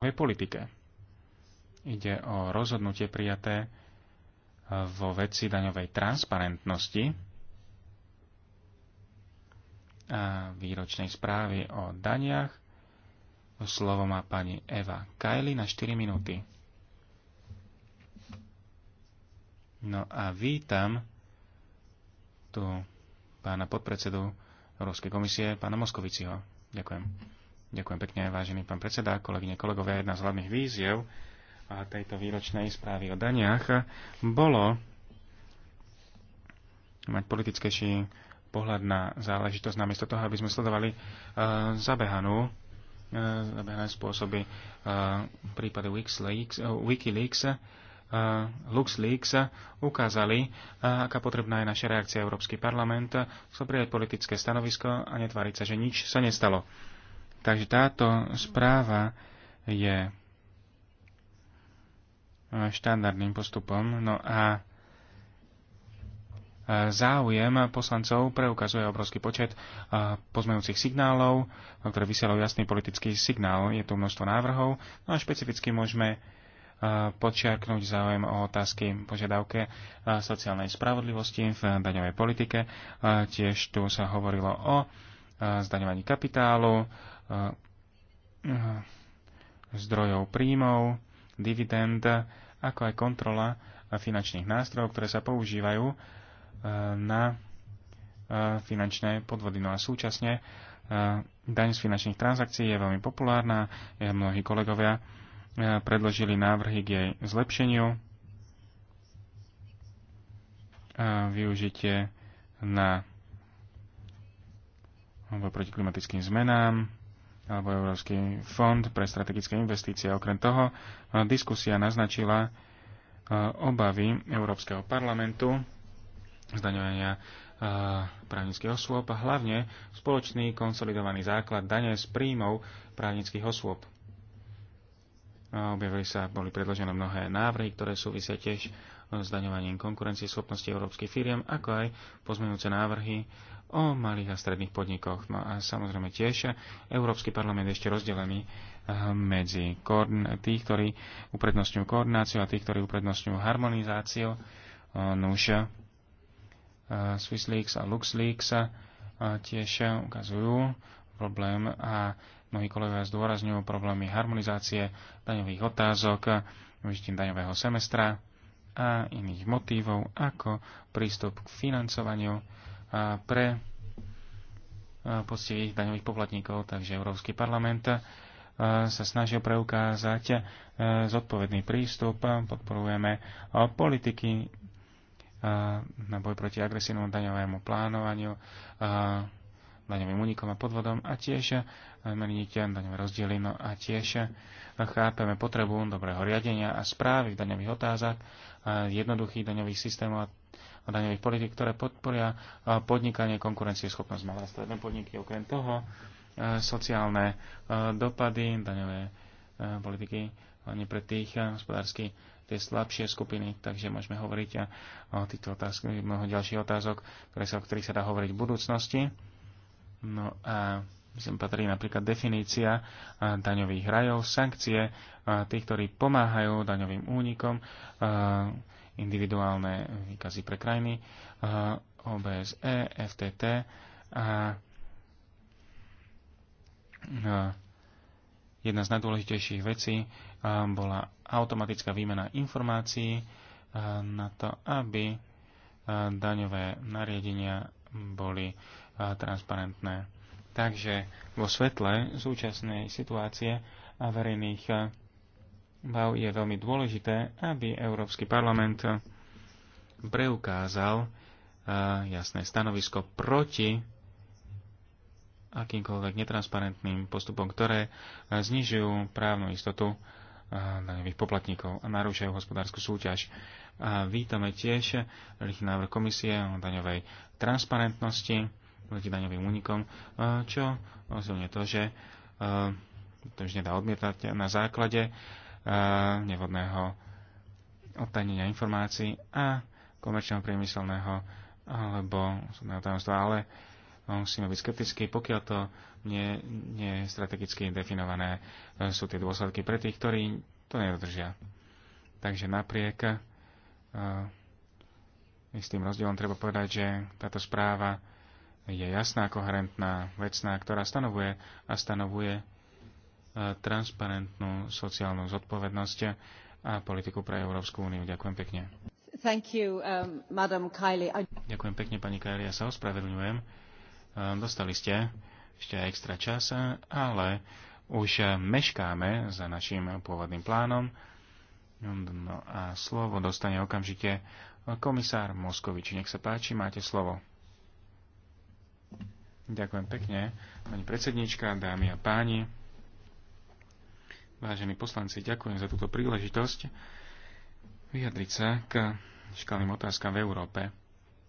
politike. Ide o rozhodnutie prijaté vo veci daňovej transparentnosti a výročnej správy o daniach. Slovo má pani Eva Kajli na 4 minúty. No a vítam tu pána podpredsedu Európskej komisie, pána Moskoviciho. Ďakujem. Ďakujem pekne, vážený pán predseda, kolegyne, kolegovia. Jedna z hlavných víziev tejto výročnej správy o daniach bolo mať politickejší pohľad na záležitosť, namiesto toho, aby sme sledovali uh, zabehanú e, zabehané spôsoby uh, e, prípadu Wikileaks, uh, Wikileaks LuxLeaks ukázali, aká potrebná je naša reakcia Európsky parlament, sa prijať politické stanovisko a netváriť sa, že nič sa nestalo. Takže táto správa je štandardným postupom. No a e, záujem poslancov preukazuje obrovský počet e, pozmejúcich signálov, no, ktoré vysielajú jasný politický signál. Je tu množstvo návrhov. No a špecificky môžeme e, počiarknúť záujem o otázky požiadavke sociálnej spravodlivosti v daňovej politike. Tiež tu sa hovorilo o zdaňovaní kapitálu, zdrojov príjmov, dividend, ako aj kontrola finančných nástrojov, ktoré sa používajú e, na e, finančné podvody. No a súčasne e, daň z finančných transakcií je veľmi populárna. Mnohí kolegovia predložili návrhy k jej zlepšeniu. Využitie na proti klimatickým zmenám, alebo Európsky fond pre strategické investície. Okrem toho, e, diskusia naznačila e, obavy Európskeho parlamentu zdaňovania e, právnických osôb a hlavne spoločný konsolidovaný základ dane z príjmov právnických osôb. Objavili sa, boli predložené mnohé návrhy, ktoré súvisia tiež s daňovaním konkurencie schopnosti európskych firiem, ako aj pozmenujúce návrhy o malých a stredných podnikoch. No a samozrejme tiež Európsky parlament je ešte rozdelený eh, medzi tých, ktorí uprednostňujú koordináciu a tých, ktorí uprednostňujú harmonizáciu. Nuž, eh, Swissleaks a LuxLeaks eh, tiež ukazujú problém a mnohí kolegovia zdôrazňujú problémy harmonizácie daňových otázok, využitím daňového semestra a iných motívov ako prístup k financovaniu pre postivých daňových poplatníkov, takže Európsky parlament sa snažil preukázať zodpovedný prístup. Podporujeme politiky na boj proti agresívnemu daňovému plánovaniu, daňovým únikom a podvodom a tiež meniť daňové rozdiely. No a tiež chápeme potrebu dobrého riadenia a správy v daňových otázach, jednoduchých daňových systémov a a daňových politik, ktoré podporia podnikanie konkurencieschopnosť malé a stredné podniky. Okrem toho e, sociálne e, dopady daňové e, politiky hlavne pre tých hospodársky tie slabšie skupiny, takže môžeme hovoriť o týchto otázkach, mnoho ďalších otázok, ktoré sa, o ktorých sa dá hovoriť v budúcnosti. No a myslím patrí napríklad definícia daňových rajov, sankcie tých, ktorí pomáhajú daňovým únikom, individuálne výkazy pre krajiny, OBSE, FTT a jedna z najdôležitejších vecí bola automatická výmena informácií na to, aby daňové nariadenia boli transparentné. Takže vo svetle súčasnej situácie a verejných obav je veľmi dôležité, aby Európsky parlament preukázal eh, jasné stanovisko proti akýmkoľvek netransparentným postupom, ktoré eh, znižujú právnu istotu eh, daňových poplatníkov a narúšajú hospodárskú súťaž. A vítame tiež rýchly návrh komisie o daňovej transparentnosti proti daňovým únikom, čo rozhodne to, že to už nedá odmietať na základe nevhodného odtajnenia informácií a komerčného priemyselného alebo súdneho tajomstva, ale musíme byť skeptickí, pokiaľ to nie, nie je strategicky definované, e, sú tie dôsledky pre tých, ktorí to nedodržia. Takže napriek e, istým rozdielom treba povedať, že táto správa je jasná, koherentná, vecná, ktorá stanovuje a stanovuje transparentnú sociálnu zodpovednosť a politiku pre Európsku úniu. Ďakujem pekne. You, um, I... Ďakujem pekne, pani Kylie. Ja sa ospravedlňujem. Um, dostali ste ešte extra čas, ale už meškáme za našim pôvodným plánom. Um, no a slovo dostane okamžite komisár Moskovič. Nech sa páči, máte slovo. Ďakujem pekne, pani predsednička, dámy a páni. Vážení poslanci, ďakujem za túto príležitosť vyjadriť sa k škálnym otázkam v Európe.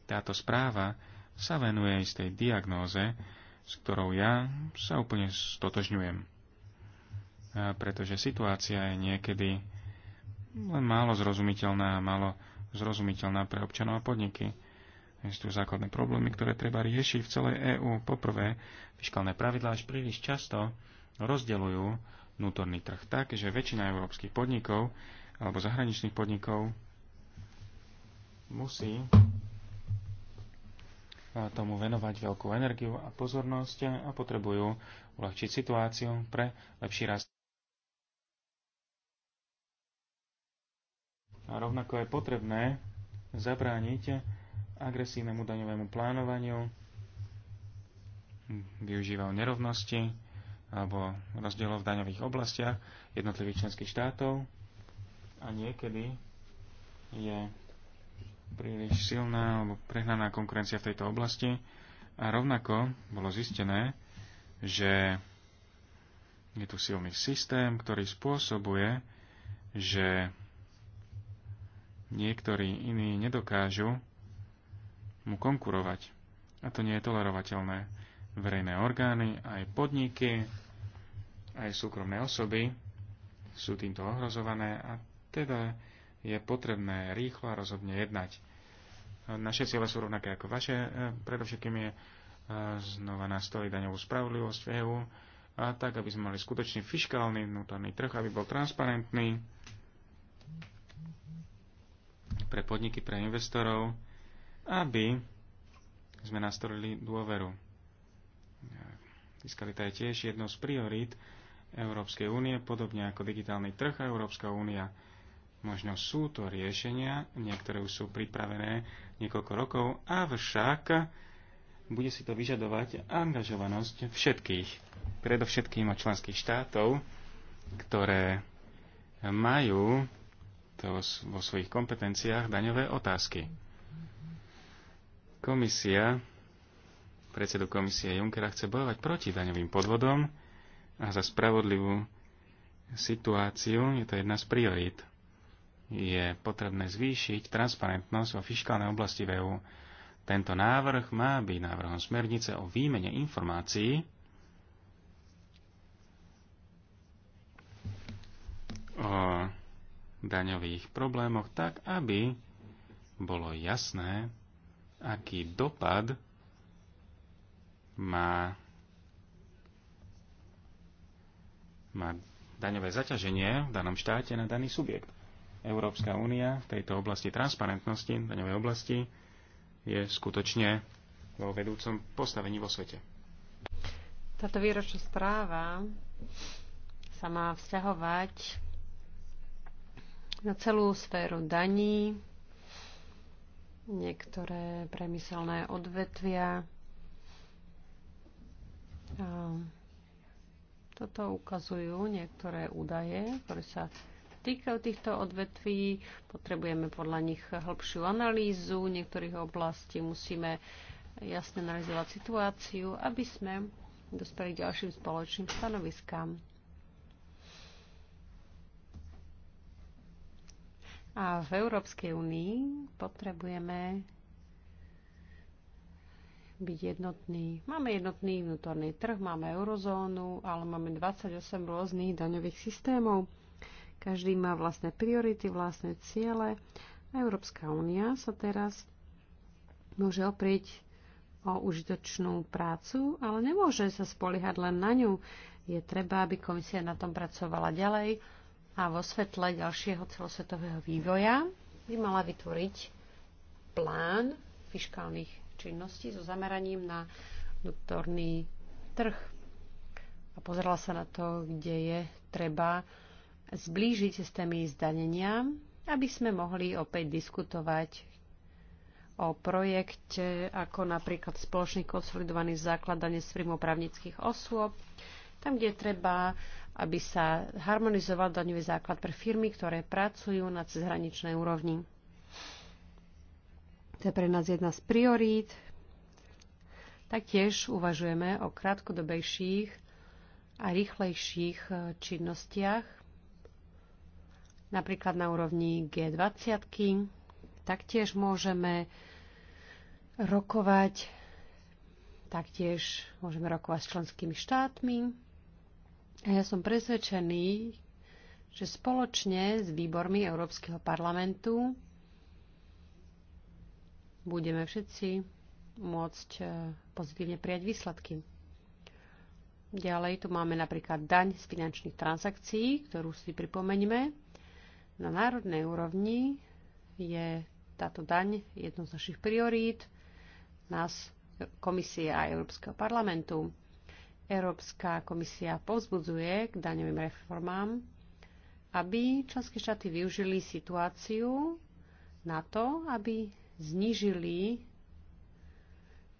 Táto správa sa venuje istej diagnóze, s ktorou ja sa úplne stotožňujem. A pretože situácia je niekedy len málo zrozumiteľná a málo zrozumiteľná pre občanov a podniky. Sú tu základné problémy, ktoré treba riešiť v celej EÚ. Poprvé, fiskálne pravidlá až príliš často rozdeľujú vnútorný trh tak, že väčšina európskych podnikov alebo zahraničných podnikov musí eh, tomu venovať veľkú energiu a pozornosť a potrebujú uľahčiť situáciu pre lepší rast. A rovnako je potrebné zabrániť agresívnemu daňovému plánovaniu, využíval nerovnosti, alebo rozdielov v daňových oblastiach jednotlivých členských štátov a niekedy je príliš silná alebo prehnaná konkurencia v tejto oblasti a rovnako bolo zistené, že je tu silný systém, ktorý spôsobuje, že niektorí iní nedokážu mu konkurovať. A to nie je tolerovateľné verejné orgány, aj podniky, aj súkromné osoby sú týmto ohrozované a teda je potrebné rýchlo a rozhodne jednať. Naše ciele sú rovnaké ako vaše, e, predovšetkým je e, znova nastoliť daňovú spravodlivosť v EÚ, a tak, aby sme mali skutočný fiskálny vnútorný trh, aby bol transparentný pre podniky, pre investorov, aby sme nastolili dôveru Fiskalita je tiež jednou z priorít Európskej únie, podobne ako digitálny trh a Európska únia. Možno sú to riešenia, niektoré už sú pripravené niekoľko rokov, avšak bude si to vyžadovať angažovanosť všetkých, predovšetkým od členských štátov, ktoré majú to vo svojich kompetenciách daňové otázky. Komisia predsedu komisie Junckera chce bojovať proti daňovým podvodom a za spravodlivú situáciu je to jedna z priorít. Je potrebné zvýšiť transparentnosť vo fiskálnej oblasti v EU. Tento návrh má byť návrhom smernice o výmene informácií o daňových problémoch tak, aby bolo jasné, aký dopad má, má daňové zaťaženie v danom štáte na daný subjekt. Európska únia v tejto oblasti transparentnosti, daňovej oblasti, je skutočne vo vedúcom postavení vo svete. Táto výročná správa sa má vzťahovať na celú sféru daní, niektoré premyselné odvetvia, toto ukazujú niektoré údaje, ktoré sa týkajú týchto odvetví. Potrebujeme podľa nich hĺbšiu analýzu niektorých oblastí. Musíme jasne analyzovať situáciu, aby sme dospeli ďalším spoločným stanoviskám. A v Európskej únii potrebujeme byť jednotný. Máme jednotný vnútorný trh, máme eurozónu, ale máme 28 rôznych daňových systémov. Každý má vlastné priority, vlastné ciele. A Európska únia sa teraz môže oprieť o užitočnú prácu, ale nemôže sa spoliehať len na ňu. Je treba, aby komisia na tom pracovala ďalej a vo svetle ďalšieho celosvetového vývoja by mala vytvoriť plán fiskálnych činnosti so zameraním na vnútorný trh. A pozerala sa na to, kde je treba zblížiť systémy zdanenia, aby sme mohli opäť diskutovať o projekte ako napríklad spoločný konsolidovaný základ dane z príjmu právnických osôb, tam, kde treba, aby sa harmonizoval daňový základ pre firmy, ktoré pracujú na cezhraničnej úrovni. To je pre nás jedna z priorít. Taktiež uvažujeme o krátkodobejších a rýchlejších e, činnostiach, napríklad na úrovni G20. Taktiež môžeme rokovať, taktiež môžeme rokovať s členskými štátmi. A ja som presvedčený, že spoločne s výbormi Európskeho parlamentu budeme všetci môcť e, pozitívne prijať výsledky. Ďalej tu máme napríklad daň z finančných transakcií, ktorú si pripomeňme. Na národnej úrovni je táto daň jednou z našich priorít nás, komisie a Európskeho parlamentu. Európska komisia povzbudzuje k daňovým reformám, aby členské štáty využili situáciu na to, aby znižili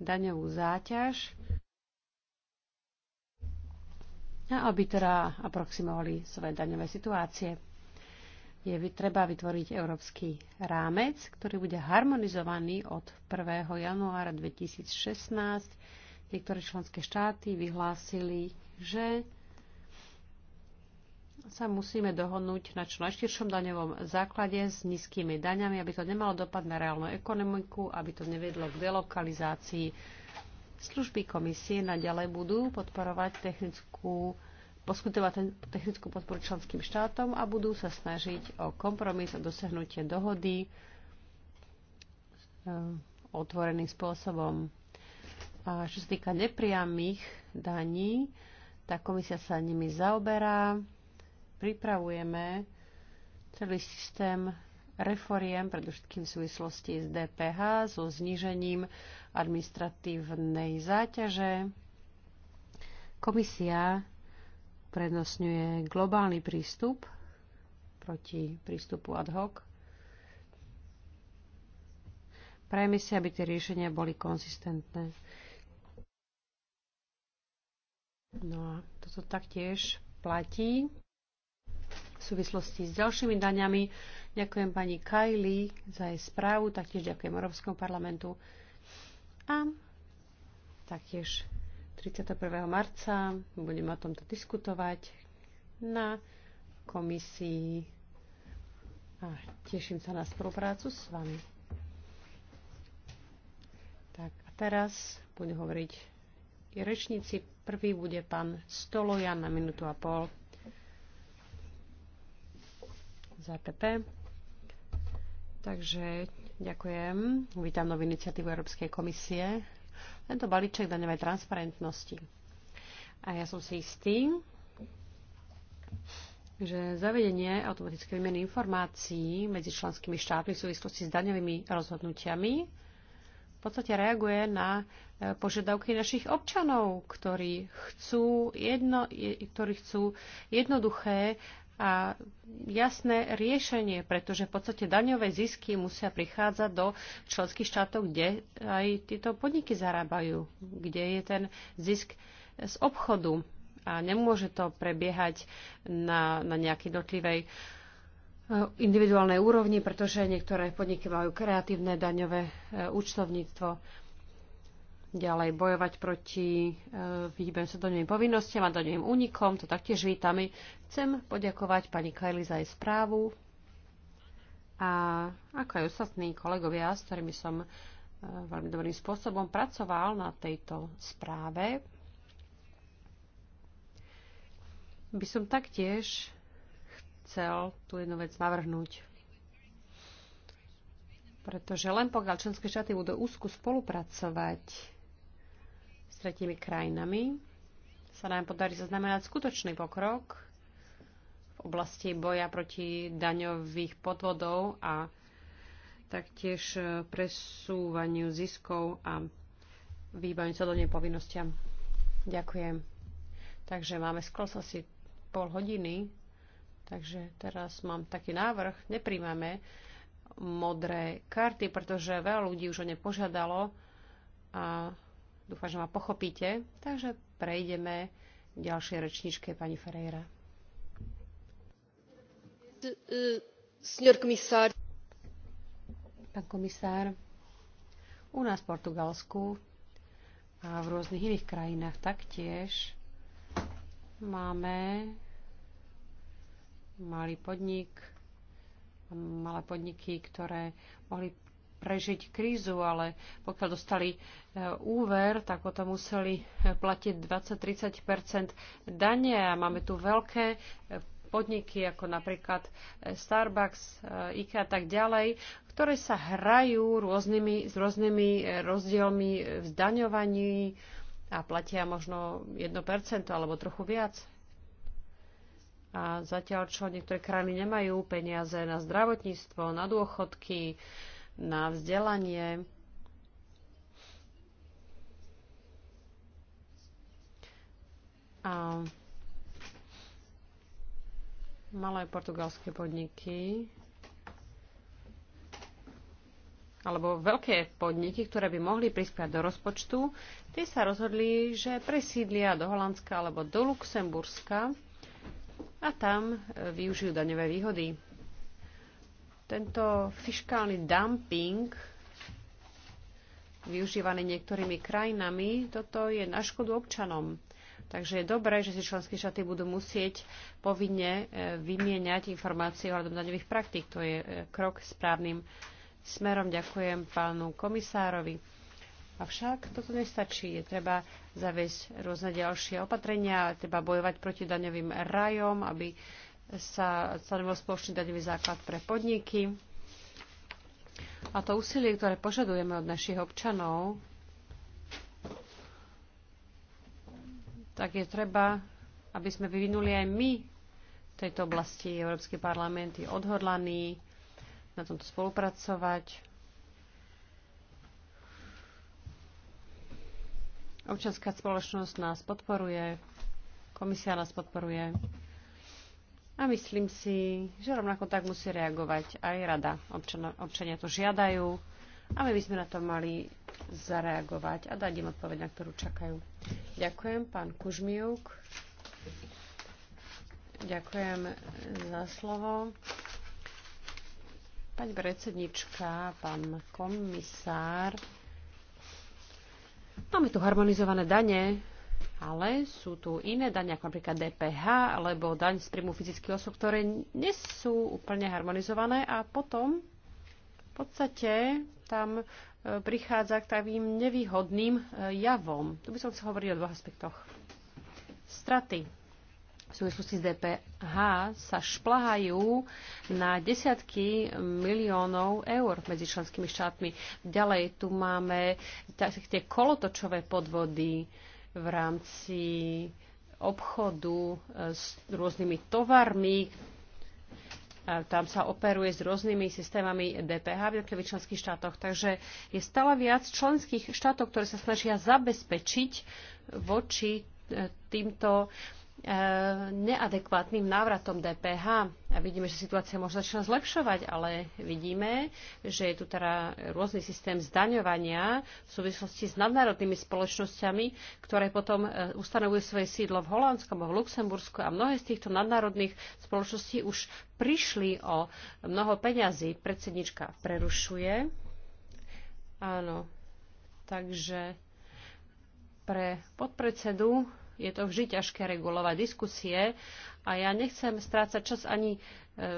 daňovú záťaž a aby teda aproximovali svoje daňové situácie. Je treba vytvoriť európsky rámec, ktorý bude harmonizovaný od 1. januára 2016. Niektoré členské štáty vyhlásili, že sa musíme dohodnúť na čo najširšom daňovom základe s nízkymi daňami, aby to nemalo dopad na reálnu ekonomiku, aby to nevedlo k delokalizácii. Služby komisie naďalej budú podporovať technickú poskytovať technickú podporu členským štátom a budú sa snažiť o kompromis a dosiahnutie dohody e, otvoreným spôsobom. A čo sa týka nepriamých daní, tá komisia sa nimi zaoberá pripravujeme celý systém reforiem, predovšetkým v súvislosti s DPH, so znižením administratívnej záťaže. Komisia prednostňuje globálny prístup proti prístupu ad hoc. Prajeme si, aby tie riešenia boli konsistentné. No a toto taktiež platí v súvislosti s ďalšími daňami. Ďakujem pani Kajli za jej správu, taktiež ďakujem Európskom parlamentu. A taktiež 31. marca budeme o tomto diskutovať na komisii a teším sa na spoluprácu s vami. Tak a teraz budú hovoriť rečníci. Prvý bude pán Stolojan na minútu a pol za PP. E Takže ďakujem. Vítam novú iniciatívu Európskej komisie. Tento balíček daňovej transparentnosti. A ja som si istý, že zavedenie automatické výmeny informácií medzi členskými štátmi v súvislosti s daňovými rozhodnutiami v podstate reaguje na e, požiadavky našich občanov, ktorí chcú, jedno, ktorí chcú jednoduché a jasné riešenie, pretože v podstate daňové zisky musia prichádzať do členských štátov, kde aj tieto podniky zarábajú, kde je ten zisk z obchodu a nemôže to prebiehať na, na nejakej dotlivej eh, individuálnej úrovni, pretože niektoré podniky majú kreatívne daňové eh, účtovníctvo ďalej bojovať proti e, výhybem sa do nej povinnostiam a do nej únikom, to taktiež vítame. Chcem poďakovať pani Kajli za jej správu a ako aj ostatní kolegovia, s ktorými som e, veľmi dobrým spôsobom pracoval na tejto správe. By som taktiež chcel tú jednu vec navrhnúť pretože len pokiaľ členské štáty budú úzku spolupracovať s tretimi krajinami sa nám podarí zaznamenať skutočný pokrok v oblasti boja proti daňových podvodov a taktiež e, presúvaniu ziskov a výbaviť sa do nepovinnostiam. Ďakujem. Takže máme sklos asi pol hodiny, takže teraz mám taký návrh. Nepríjmame modré karty, pretože veľa ľudí už o ne požiadalo a Dúfam, že ma pochopíte. Takže prejdeme k ďalšej rečničke, pani Ferreira. Pán komisár, u nás v Portugalsku a v rôznych iných krajinách taktiež máme malý podnik, malé podniky, ktoré mohli prežiť krízu, ale pokiaľ dostali e, úver, tak potom museli e, platiť 20-30 dane a máme tu veľké e, podniky ako napríklad Starbucks, IKEA a tak ďalej, ktoré sa hrajú rôznymi, s rôznymi rozdielmi v zdaňovaní a platia možno 1% alebo trochu viac. A zatiaľ, čo niektoré krajiny nemajú peniaze na zdravotníctvo, na dôchodky, na vzdelanie. A malé portugalské podniky alebo veľké podniky, ktoré by mohli prispiať do rozpočtu, tie sa rozhodli, že presídlia do Holandska alebo do Luxemburska a tam využijú daňové výhody. Tento fiskálny dumping využívaný niektorými krajinami, toto je na škodu občanom. Takže je dobré, že si členské štáty budú musieť povinne e, vymieňať informácie o daňových praktík. To je e, krok správnym smerom. Ďakujem pánu komisárovi. Avšak toto nestačí. Je treba zaviesť rôzne ďalšie opatrenia, treba bojovať proti daňovým rajom, aby sa stanovil spoločný daňový základ pre podniky. A to úsilie, ktoré požadujeme od našich občanov, tak je treba, aby sme vyvinuli aj my v tejto oblasti. Európsky parlament je odhodlaný na tomto spolupracovať. Občanská spoločnosť nás podporuje, komisia nás podporuje. A myslím si, že rovnako tak musí reagovať aj rada. Občana, občania to žiadajú a my by sme na to mali zareagovať a dať im odpoveď, na ktorú čakajú. Ďakujem, pán Kužmiuk. Ďakujem za slovo. Pani predsednička, pán komisár, máme tu harmonizované dane ale sú tu iné dane, ako napríklad DPH alebo daň z príjmu fyzických osob, ktoré nie sú úplne harmonizované a potom v podstate tam e, prichádza k takým nevýhodným e, javom. Tu by som chcel hovoriť o dvoch aspektoch. Straty v súvislosti s DPH sa šplahajú na desiatky miliónov eur medzi členskými štátmi. Ďalej tu máme tie kolotočové podvody, v rámci obchodu e, s rôznymi tovarmi. E, tam sa operuje s rôznymi systémami DPH v jednotlivých členských štátoch. Takže je stále viac členských štátov, ktoré sa snažia zabezpečiť voči e, týmto E, neadekvátnym návratom DPH. A vidíme, že situácia možno začína zlepšovať, ale vidíme, že je tu teda rôzny systém zdaňovania v súvislosti s nadnárodnými spoločnosťami, ktoré potom e, ustanovujú svoje sídlo v Holandsku alebo v Luxembursku a mnohé z týchto nadnárodných spoločností už prišli o mnoho peňazí. Predsednička prerušuje. Áno. Takže pre podpredsedu je to vždy ťažké regulovať diskusie a ja nechcem strácať čas ani e,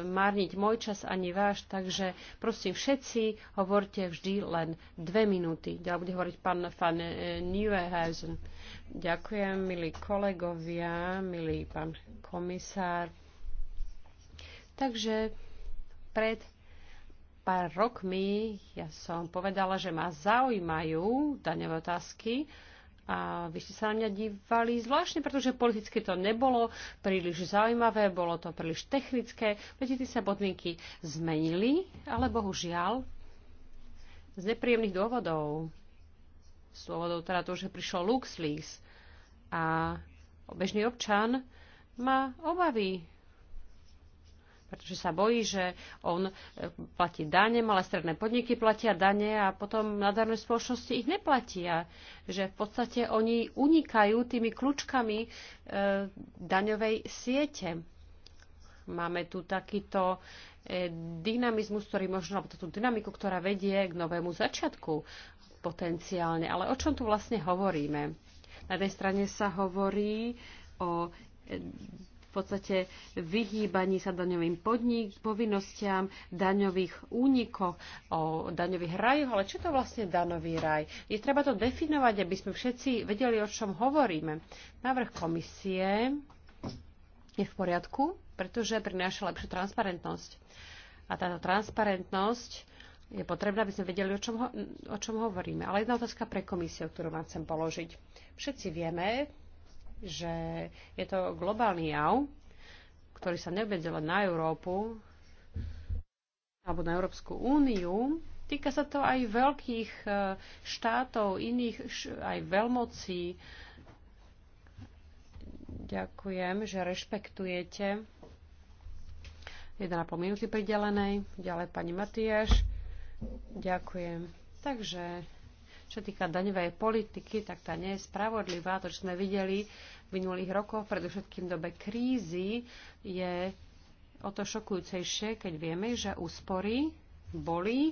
márniť môj čas, ani váš, takže prosím všetci, hovorte vždy len dve minúty. Ja bude hovoriť pán Fan e, Ďakujem, milí kolegovia, milý pán komisár. Takže pred pár rokmi ja som povedala, že ma zaujímajú daňové otázky, a vy ste sa na mňa dívali zvláštne, pretože politicky to nebolo príliš zaujímavé, bolo to príliš technické. Viete, sa podmienky zmenili, ale bohužiaľ z nepríjemných dôvodov. Z dôvodov teda to, že prišlo LuxLeaks a bežný občan má obavy pretože sa bojí, že on e, platí dane, malé stredné podniky platia dane a potom nadarné spoločnosti ich neplatia. Že v podstate oni unikajú tými kľúčkami e, daňovej siete. Máme tu takýto e, dynamizmus, ktorý možno, alebo tú dynamiku, ktorá vedie k novému začiatku potenciálne. Ale o čom tu vlastne hovoríme? Na jednej strane sa hovorí o e, v podstate vyhýbaní sa daňovým podnik, povinnostiam, daňových únikoch, o daňových rajoch. Ale čo to vlastne daňový raj? Je treba to definovať, aby sme všetci vedeli, o čom hovoríme. Návrh komisie je v poriadku, pretože prináša lepšiu transparentnosť. A táto transparentnosť je potrebná, aby sme vedeli, o čom, ho, o čom hovoríme. Ale jedna otázka pre komisiu, ktorú vám chcem položiť. Všetci vieme, že je to globálny jav, ktorý sa neobmedzila na Európu alebo na Európsku úniu. Týka sa to aj veľkých e, štátov, iných aj veľmocí. Ďakujem, že rešpektujete. 1,5 minúty pridelenej. Ďalej pani Matiáš. Ďakujem. Takže čo týka daňovej politiky, tak tá nie je spravodlivá. To, čo sme videli v minulých rokoch, predovšetkým v dobe krízy, je o to šokujúcejšie, keď vieme, že úspory boli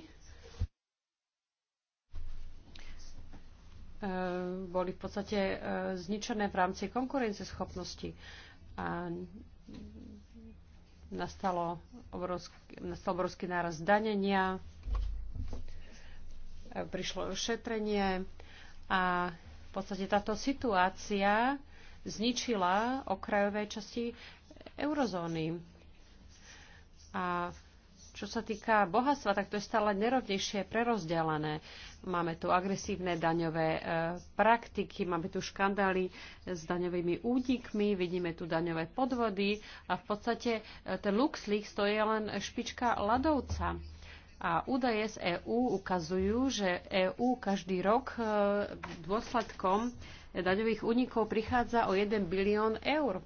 e, boli v podstate e, zničené v rámci konkurenceschopnosti. A nastalo obrovský, nastal obrovský náraz danenia, E, prišlo ošetrenie a v podstate táto situácia zničila okrajové časti eurozóny. A čo sa týka bohatstva, tak to je stále nerovnejšie prerozdelené. Máme tu agresívne daňové e, praktiky, máme tu škandály s daňovými únikmi, vidíme tu daňové podvody a v podstate e, ten LuxLeaks to je len špička ladovca. A údaje z EÚ ukazujú, že EÚ každý rok e, dôsledkom daňových únikov prichádza o 1 bilión eur.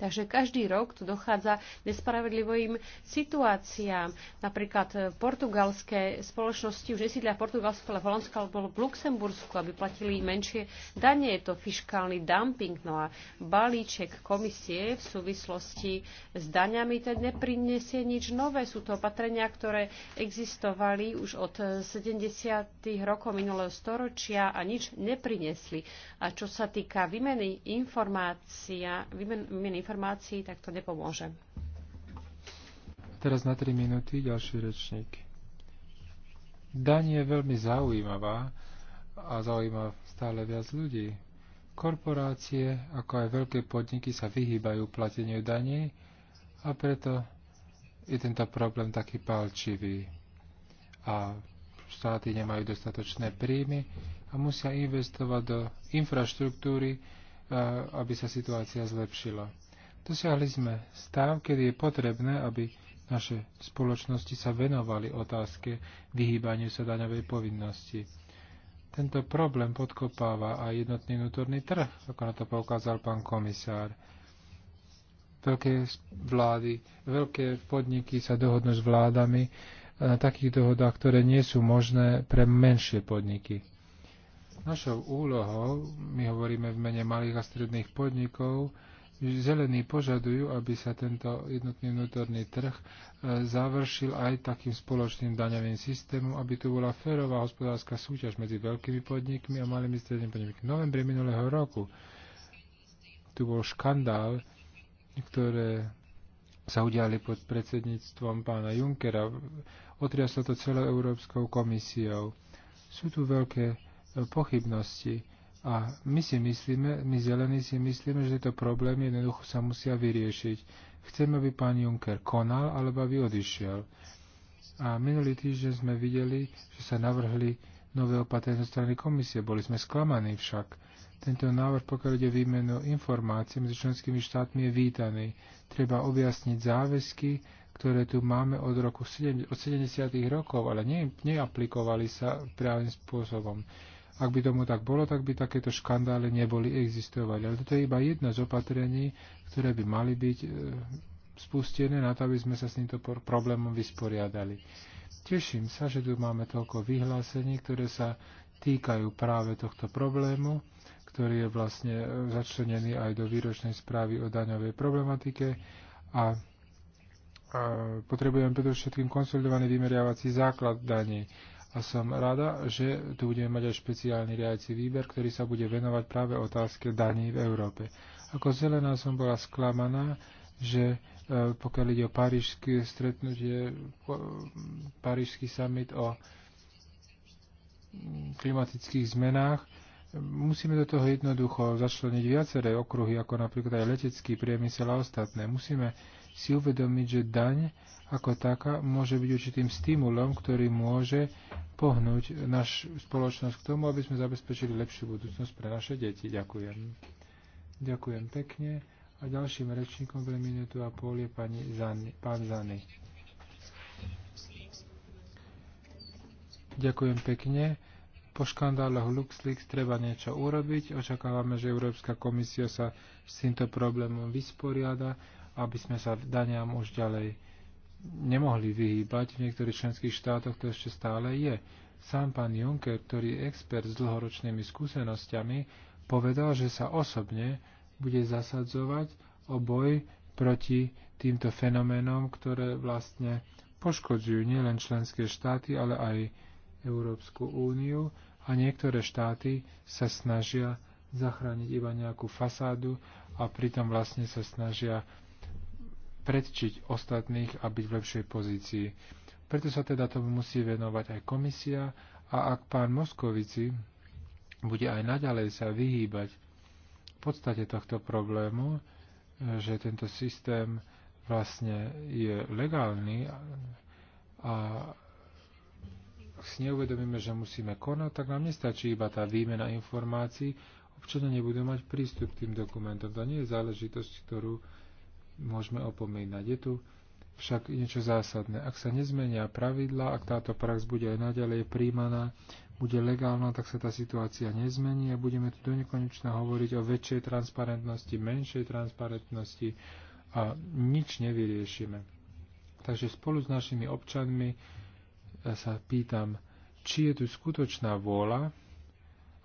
Takže každý rok tu dochádza nespravedlivým situáciám. Napríklad portugalské spoločnosti už nesídlia v Portugalsku, ale v Holandsku alebo v Luxembursku, aby platili menšie dane. Je to fiskálny dumping. No a balíček komisie v súvislosti s daňami ten neprinesie nič nové. Sú to opatrenia, ktoré existovali už od 70. rokov minulého storočia a nič neprinesli. A čo sa týka výmeny výmeny informácií, informácií, tak to nepomôže. Teraz na 3 minúty ďalší rečník. Daň je veľmi zaujímavá a zaujíma stále viac ľudí. Korporácie, ako aj veľké podniky sa vyhýbajú plateniu daní a preto je tento problém taký palčivý. A štáty nemajú dostatočné príjmy a musia investovať do infraštruktúry, eh, aby sa situácia zlepšila Dosiahli sme stav, kedy je potrebné, aby naše spoločnosti sa venovali otázke vyhýbaniu sa daňovej povinnosti. Tento problém podkopáva aj jednotný vnútorný trh, ako na to poukázal pán komisár. Veľké vlády, veľké podniky sa dohodnú s vládami na takých dohodách, ktoré nie sú možné pre menšie podniky. Našou úlohou, my hovoríme v mene malých a stredných podnikov, Zelení požadujú, aby sa tento jednotný vnútorný trh e, završil aj takým spoločným daňovým systémom, aby tu bola férová hospodárska súťaž medzi veľkými podnikmi a malými strednými podnikmi. V novembri minulého roku tu bol škandál, ktoré sa udiali pod predsedníctvom pána Junckera, Otriaslo to celou Európskou komisiou. Sú tu veľké e, pochybnosti a my si myslíme, my zelení si myslíme, že tieto problémy jednoducho sa musia vyriešiť. Chceme, aby pán Juncker konal, alebo aby odišiel. A minulý týždeň sme videli, že sa navrhli nové opatrenia zo strany komisie. Boli sme sklamaní však. Tento návrh, pokiaľ ide výmenu informácií medzi členskými štátmi, je vítaný. Treba objasniť záväzky, ktoré tu máme od roku 70, od 70. rokov, ale ne, neaplikovali sa právnym spôsobom. Ak by tomu tak bolo, tak by takéto škandály neboli existovať. Ale toto je iba jedno z opatrení, ktoré by mali byť e, spustené na to, aby sme sa s týmto problémom vysporiadali. Teším sa, že tu máme toľko vyhlásení, ktoré sa týkajú práve tohto problému, ktorý je vlastne e, začlenený aj do výročnej správy o daňovej problematike a potrebujeme predovšetkým konsolidovaný vymeriavací základ daní a som rada, že tu budeme mať aj špeciálny riadci výber, ktorý sa bude venovať práve otázke daní v Európe. Ako zelená som bola sklamaná, že e, pokiaľ ide o parížské stretnutie, parížský summit o mm, klimatických zmenách, musíme do toho jednoducho začleniť viaceré okruhy, ako napríklad aj letecký priemysel a ostatné. Musíme si uvedomiť, že daň ako taká môže byť určitým stimulom, ktorý môže pohnúť našu spoločnosť k tomu, aby sme zabezpečili lepšiu budúcnosť pre naše deti. Ďakujem. Ďakujem pekne. A ďalším rečníkom pre minútu a pol je pani Zani, pán Zany. Ďakujem pekne. Po škandáloch LuxLeaks treba niečo urobiť. Očakávame, že Európska komisia sa s týmto problémom vysporiada aby sme sa daniam už ďalej nemohli vyhýbať. V niektorých členských štátoch to ešte stále je. Sám pán Juncker, ktorý je expert s dlhoročnými skúsenosťami, povedal, že sa osobne bude zasadzovať o boj proti týmto fenoménom, ktoré vlastne poškodzujú nielen členské štáty, ale aj Európsku úniu a niektoré štáty sa snažia zachrániť iba nejakú fasádu a pritom vlastne sa snažia predčiť ostatných a byť v lepšej pozícii. Preto sa teda tomu musí venovať aj komisia a ak pán Moskovici bude aj naďalej sa vyhýbať v podstate tohto problému, že tento systém vlastne je legálny a ak si neuvedomíme, že musíme konať, tak nám nestačí iba tá výmena informácií. Občania nebudú mať prístup k tým dokumentom. To nie je záležitosť, ktorú môžeme opomínať. Je tu však niečo zásadné. Ak sa nezmenia pravidla, ak táto prax bude aj naďalej príjmaná, bude legálna, tak sa tá situácia nezmení a budeme tu nekonečna hovoriť o väčšej transparentnosti, menšej transparentnosti a nič nevyriešime. Takže spolu s našimi občanmi sa pýtam, či je tu skutočná vôľa,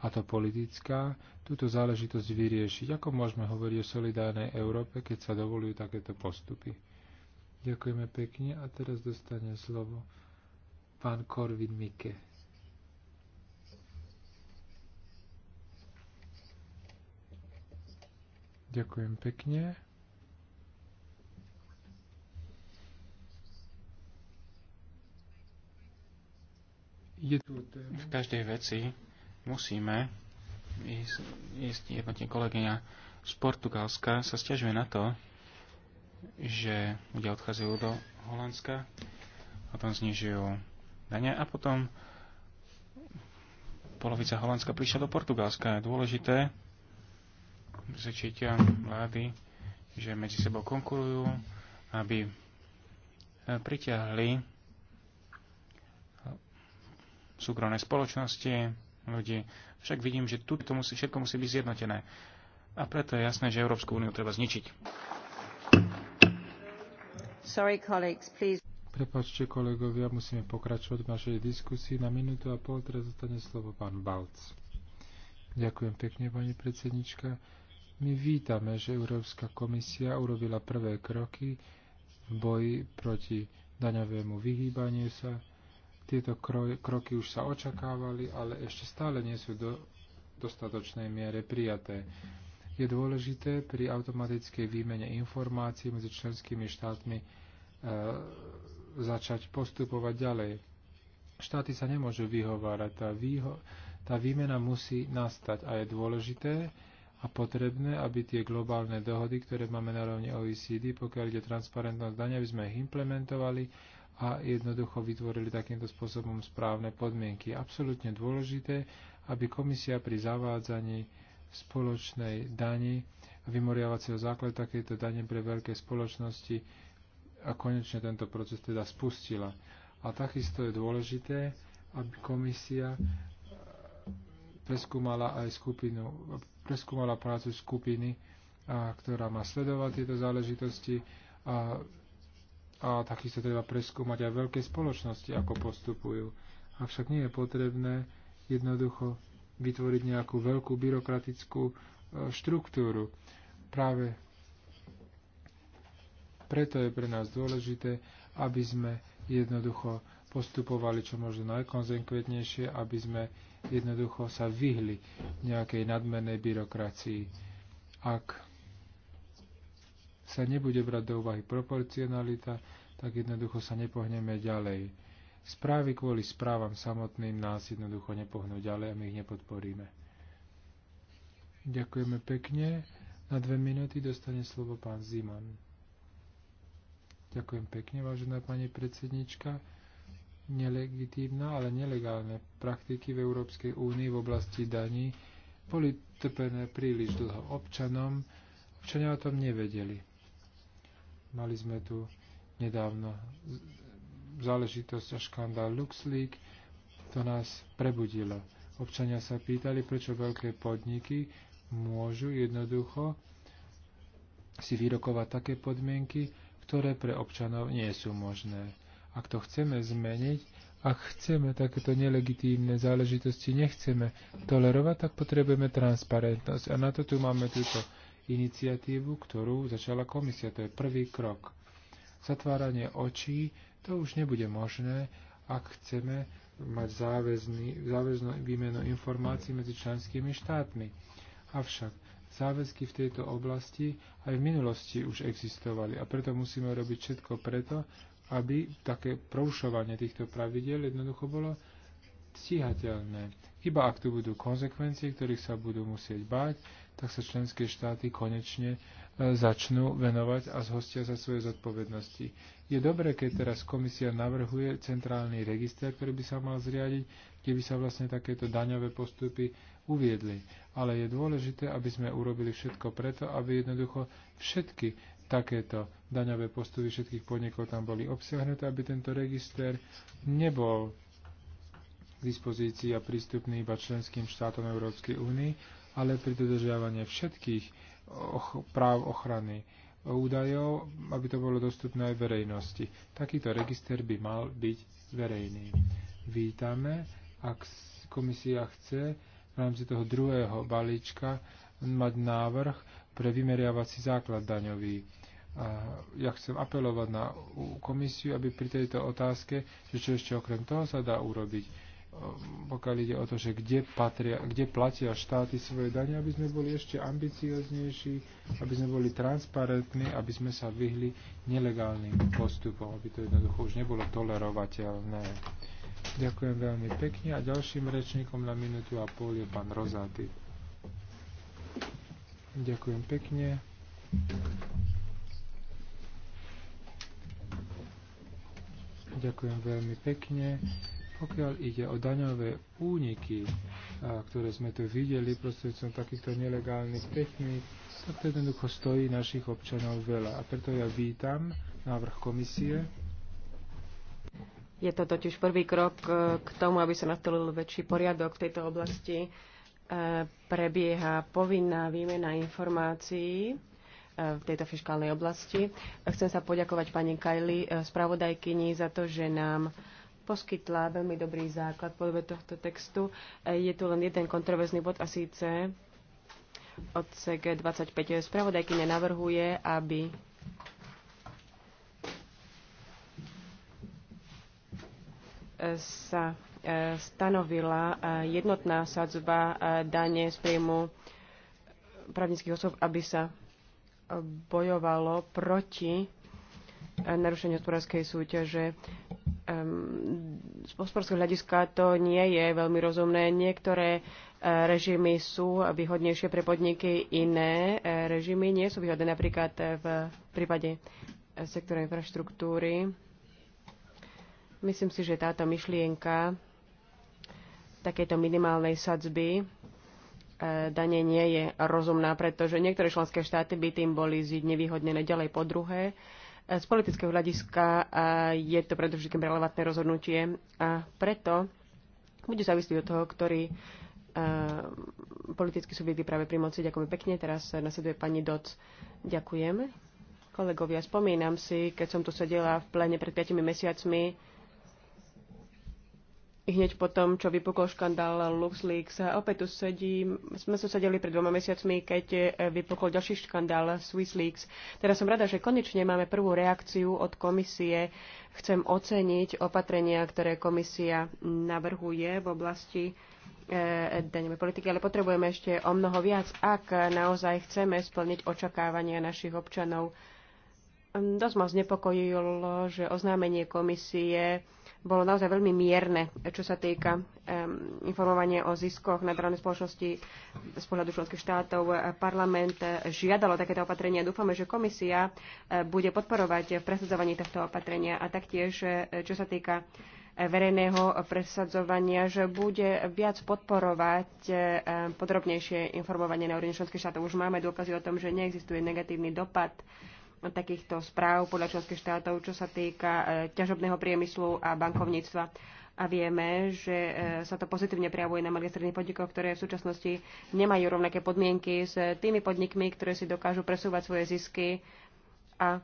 a to politická, túto záležitosť vyriešiť? Ako môžeme hovoriť o solidárnej Európe, keď sa dovolujú takéto postupy? Ďakujeme pekne a teraz dostane slovo pán Korvin Mike. Ďakujem pekne. Je tu V každej veci musíme jednotne kolegyňa z Portugalska sa stiažuje na to, že ľudia odchádzajú do Holandska, potom znižujú dania a potom polovica Holandska prišla do Portugalska. Je dôležité presvedčiť vlády, že medzi sebou konkurujú, aby pritiahli súkromné spoločnosti, ľudí. Však vidím, že tu to musí, všetko musí byť zjednotené. A preto je jasné, že Európsku úniu treba zničiť. Sorry, colleagues, please. Prepačte, kolegovia, musíme pokračovať v našej diskusii. Na minútu a pol teraz zostane slovo pán Balc. Ďakujem pekne, pani predsednička. My vítame, že Európska komisia urobila prvé kroky v boji proti daňovému vyhýbaniu sa, tieto kroky už sa očakávali, ale ešte stále nie sú do dostatočnej miere prijaté. Je dôležité pri automatickej výmene informácií medzi členskými štátmi e, začať postupovať ďalej. Štáty sa nemôžu vyhovárať. Tá, výho- tá výmena musí nastať a je dôležité, a potrebné, aby tie globálne dohody, ktoré máme na rovni OECD, pokiaľ ide transparentnosť dania, aby sme ich implementovali a jednoducho vytvorili takýmto spôsobom správne podmienky. Absolutne dôležité, aby komisia pri zavádzaní spoločnej dani, vymoriavacieho základu takéto dane pre veľké spoločnosti a konečne tento proces teda spustila. A takisto je dôležité, aby komisia e, preskúmala aj skupinu, preskúmala prácu skupiny, a, ktorá má sledovať tieto záležitosti a a takisto treba preskúmať aj veľké spoločnosti, ako postupujú. Avšak nie je potrebné jednoducho vytvoriť nejakú veľkú byrokratickú e, štruktúru. Práve preto je pre nás dôležité, aby sme jednoducho postupovali čo možno najkonzekventnejšie, aby sme jednoducho sa vyhli nejakej nadmernej byrokracii. Ak sa nebude brať do úvahy proporcionalita, tak jednoducho sa nepohneme ďalej. Správy kvôli správam samotným nás jednoducho nepohnú ďalej a my ich nepodporíme. Ďakujeme pekne. Na dve minúty dostane slovo pán Ziman. Ďakujem pekne, vážená pani predsednička. Nelegitímna, ale nelegálne praktiky v Európskej únii v oblasti daní boli trpené príliš dlho občanom, občania o tom nevedeli. Mali sme tu nedávno záležitosť a škandál LuxLeak. To nás prebudilo. Občania sa pýtali, prečo veľké podniky môžu jednoducho si vyrokovať také podmienky, ktoré pre občanov nie sú možné. Ak to chceme zmeniť, ak chceme takéto nelegitímne záležitosti, nechceme tolerovať, tak potrebujeme transparentnosť. A na to tu máme túto iniciatívu, ktorú začala komisia. To je prvý krok. Zatváranie očí to už nebude možné, ak chceme mať záväzný, záväznú výmenu informácií medzi členskými štátmi. Avšak záväzky v tejto oblasti aj v minulosti už existovali a preto musíme robiť všetko preto, aby také proušovanie týchto pravidel jednoducho bolo stíhateľné. Iba ak tu budú konsekvencie, ktorých sa budú musieť báť, tak sa členské štáty konečne e, začnú venovať a zhostia sa svoje zodpovednosti. Je dobré, keď teraz komisia navrhuje centrálny register, ktorý by sa mal zriadiť, kde by sa vlastne takéto daňové postupy uviedli. Ale je dôležité, aby sme urobili všetko preto, aby jednoducho všetky takéto daňové postupy všetkých podnikov tam boli obsiahnuté, aby tento register nebol k dispozícii a prístupný iba členským štátom Európskej únii, ale pri dodržiavaní všetkých och- práv ochrany údajov, aby to bolo dostupné aj verejnosti. Takýto register by mal byť verejný. Vítame, ak komisia chce v rámci toho druhého balíčka mať návrh pre vymeriavací základ daňový. A ja chcem apelovať na komisiu, aby pri tejto otázke, že čo ešte okrem toho sa dá urobiť, Ehm, pokiaľ ide o to, že kde, patria, kde platia štáty svoje dane, aby sme boli ešte ambicioznejší, aby sme boli transparentní, aby sme sa vyhli nelegálnym postupom, aby to jednoducho už nebolo tolerovateľné. Ďakujem veľmi pekne a ďalším rečníkom na minútu a pol je pán Rozáty. Ďakujem pekne. Ďakujem veľmi pekne. Pokiaľ ide o daňové úniky, ktoré sme tu videli prostredcom takýchto nelegálnych techník, tak to jednoducho stojí našich občanov veľa. A preto ja vítam návrh komisie. Je to totiž prvý krok e, k tomu, aby sa nastolil väčší poriadok v tejto oblasti. E, prebieha povinná výmena informácií e, v tejto fiskálnej oblasti. Chcem sa poďakovať pani Kajli, spravodajkyni, za to, že nám poskytla veľmi dobrý základ podobe tohto textu. E, je tu len jeden kontroverzný bod a síce od CG 25. Spravodajkyňa navrhuje, aby sa e, stanovila e, jednotná sadzba dane z príjmu právnických osob, aby sa bojovalo proti narušeniu hospodárskej súťaže z hospodárskeho hľadiska to nie je veľmi rozumné. Niektoré e, režimy sú výhodnejšie pre podniky, iné e, režimy nie sú výhodné. Napríklad e, v prípade sektora infraštruktúry. Myslím si, že táto myšlienka takéto minimálnej sadzby dane nie je rozumná, pretože niektoré členské štáty by tým boli znevýhodnené ďalej po druhé. Uh, z politického hľadiska je to predovšetkým relevantné rozhodnutie a preto bude závislý od toho, ktorý politický subjekt je práve pri moci. Ďakujem pekne. Teraz nasleduje pani Doc. Ďakujem. Kolegovia, spomínam si, keď som tu sedela v plene pred 5 mesiacmi, hneď po tom, čo vypukol škandál LuxLeaks. Opäť tu sedím, sme sa sedeli pred dvoma mesiacmi, keď eh, vypukol ďalší škandál SwissLeaks. Teraz som rada, že konečne máme prvú reakciu od komisie. Chcem oceniť opatrenia, ktoré komisia navrhuje v oblasti eh, daňovej politiky, ale potrebujeme ešte o mnoho viac, ak naozaj chceme splniť očakávania našich občanov Dosť ma znepokojilo, že oznámenie komisie bolo naozaj veľmi mierne, čo sa týka um, informovania o ziskoch nadnárodnej spoločnosti z pohľadu členských štátov. Parlament žiadalo takéto opatrenia. Dúfame, že komisia e, bude podporovať v presadzovaní tohto opatrenia a taktiež, e, čo sa týka e, verejného presadzovania, že bude viac podporovať podrobnejšie informovanie na úrovni členských štátov. Už máme dôkazy o tom, že neexistuje negatívny dopad takýchto správ podľa členských štátov, čo sa týka e, ťažobného priemyslu a bankovníctva. A vieme, že e, sa to pozitívne prejavuje na malých stredných podnikoch, ktoré v súčasnosti nemajú rovnaké podmienky s tými podnikmi, ktoré si dokážu presúvať svoje zisky a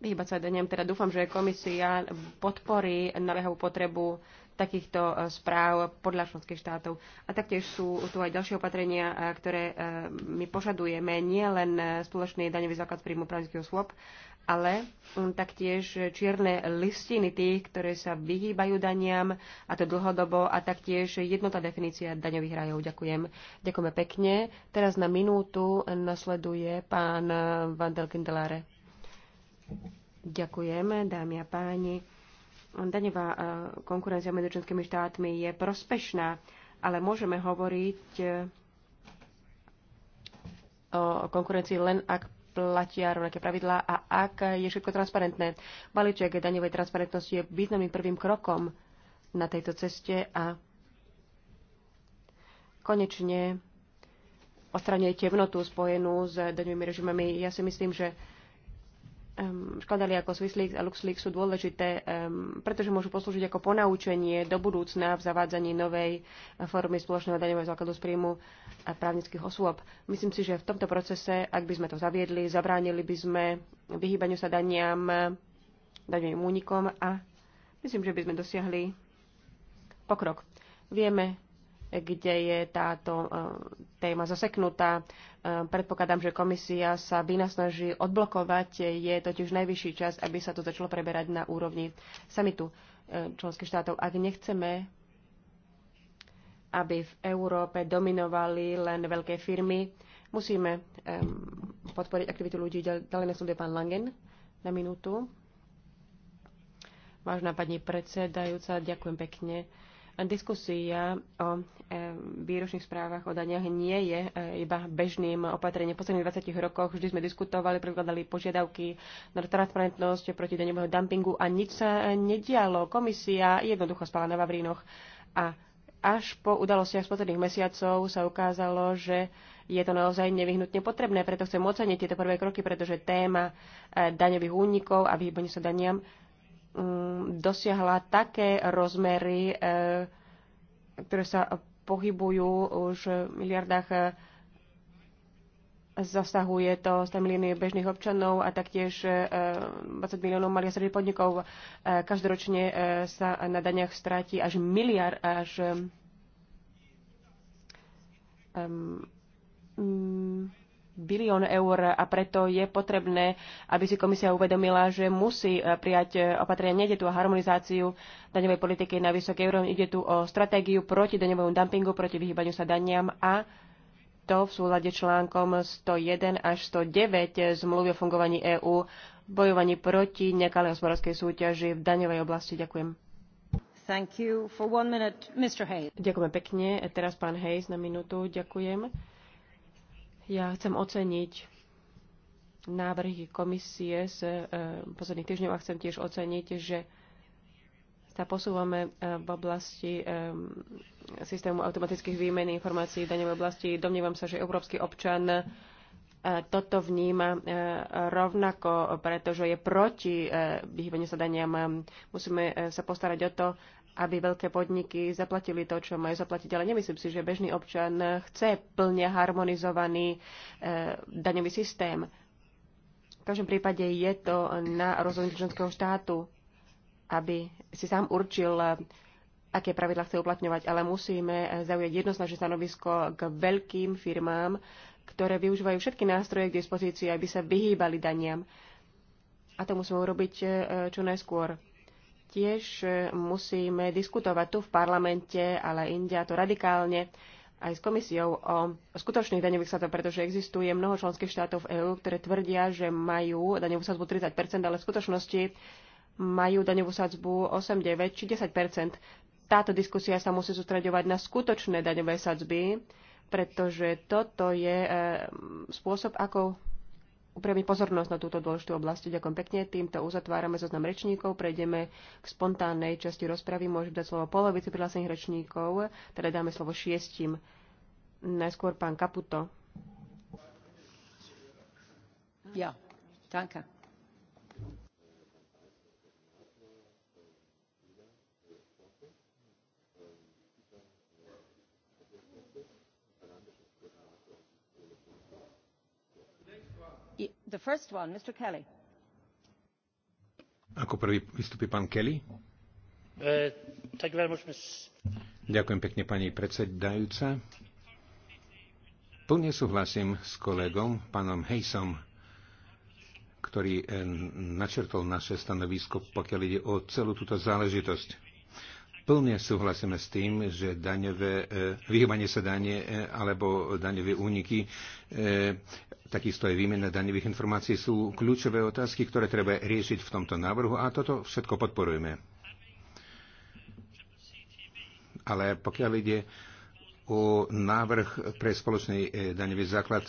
vyhybať sa daniam. Teda dúfam, že komisia podporí naliehavú potrebu takýchto e, správ podľa členských štátov. A taktiež sú tu aj ďalšie opatrenia, e, ktoré e, my požadujeme, nie len spoločný daňový základ príjmu právnických osôb, ale mm, taktiež čierne listiny tých, ktoré sa vyhýbajú daniam, a to dlhodobo, a taktiež jednotná definícia daňových rajov. Ďakujem. Ďakujeme pekne. Teraz na minútu nasleduje pán Vandel Kindelare. Ďakujeme, dámy a páni. Daňová e, konkurencia medzi členskými štátmi je prospešná, ale môžeme hovoriť e, o konkurencii len ak platia rovnaké pravidlá a ak je všetko transparentné. Balíček daňovej transparentnosti je významným prvým krokom na tejto ceste a konečne odstraňuje temnotu spojenú s daňovými režimami. Ja si myslím, že Ehm, škandály ako Swiss a LuxLeaks sú dôležité, ehm, pretože môžu poslúžiť ako ponaučenie do budúcna v zavádzaní novej formy spoločného daňového základu z príjmu právnických osôb. Myslím si, že v tomto procese, ak by sme to zaviedli, zabránili by sme vyhýbaniu sa daniam, daňovým únikom a myslím, že by sme dosiahli pokrok. Vieme, kde je táto e, téma zaseknutá. E, predpokladám, že komisia sa vynasnaží odblokovať. Je totiž najvyšší čas, aby sa to začalo preberať na úrovni samitu e, členských štátov. Ak nechceme, aby v Európe dominovali len veľké firmy, musíme podporiť aktivitu ľudí. Ďalej nasleduje pán Langen na minútu. Vážna pani predsedajúca, ďakujem pekne. Diskusia o e, výročných správach o daniach nie je e, iba bežným opatrením. V posledných 20 rokoch vždy sme diskutovali, predkladali požiadavky na transparentnosť proti daňového dumpingu a nič sa e, nedialo. Komisia jednoducho spala na Vavrínoch a až po udalostiach z posledných mesiacov sa ukázalo, že je to naozaj nevyhnutne potrebné. Preto chcem oceniť tieto prvé kroky, pretože téma daňových únikov a vyhýbania sa daniam Mm, dosiahla také rozmery, e, ktoré sa pohybujú už v miliardách e, zasahuje to 100 milióny bežných občanov a taktiež 20 e, miliónov malých a stredných podnikov. Každoročne sa na daniach stráti až miliard, až um, bilión eur a preto je potrebné, aby si komisia uvedomila, že musí eh, prijať eh, opatrenia. Nejde tu o harmonizáciu daňovej politiky na vysokej úrovni, ide tu o stratégiu proti daňovému dumpingu, proti vyhýbaniu sa daniam a to v súlade článkom 101 až 109 zmluvy o fungovaní EÚ v bojovaní proti nekalej hospodárskej súťaži v daňovej oblasti. Ďakujem. Minute, ďakujem pekne. Teraz pán Hayes na minútu. Ďakujem. Ja chcem oceniť návrhy komisie z e, posledných týždňov a chcem tiež oceniť, že sa posúvame e, v oblasti e, systému automatických výmen informácií v danej oblasti. Domnievam sa, že európsky občan toto vníma rovnako, pretože je proti vyhýbaniu sa daniam. Musíme sa postarať o to, aby veľké podniky zaplatili to, čo majú zaplatiť. Ale nemyslím si, že bežný občan chce plne harmonizovaný e, daňový systém. V každom prípade je to na rozhodnutí členského štátu, aby si sám určil, e, aké pravidla chce uplatňovať, ale musíme e, zaujať jednoznačné stanovisko k veľkým firmám, ktoré využívajú všetky nástroje k dispozícii, aby sa vyhýbali daniam. A to musíme urobiť e, čo najskôr tiež e, musíme diskutovať tu v parlamente, ale India to radikálne aj s komisiou o skutočných daňových sadzbách, pretože existuje mnoho členských štátov v EÚ, ktoré tvrdia, že majú daňovú sadzbu 30 ale v skutočnosti majú daňovú sadzbu 8, 9 či 10 Táto diskusia sa musí sústreďovať na skutočné daňové sadzby, pretože toto je e, spôsob, ako upriami pozornosť na túto dôležitú oblasť. Ďakujem pekne. Týmto uzatvárame zoznam rečníkov. Prejdeme k spontánnej časti rozpravy. Môžem dať slovo polovici prihlásených rečníkov, teda dáme slovo šiestim. Najskôr pán Kaputo. Ja, ďakujem. One, ako prvý vystúpi pán Kelly. Uh, eh, much, Ďakujem pekne, pani predsedajúca. Plne súhlasím s kolegom, pánom Hejsom, ktorý eh, načrtol naše stanovisko, pokiaľ ide o celú túto záležitosť Plne súhlasíme s tým, že daňové, e, vyhýbanie sa dane e, alebo daňové úniky, e, takisto aj výmena daňových informácií sú kľúčové otázky, ktoré treba riešiť v tomto návrhu a toto všetko podporujeme. Ale pokiaľ ide o návrh pre spoločný daňový základ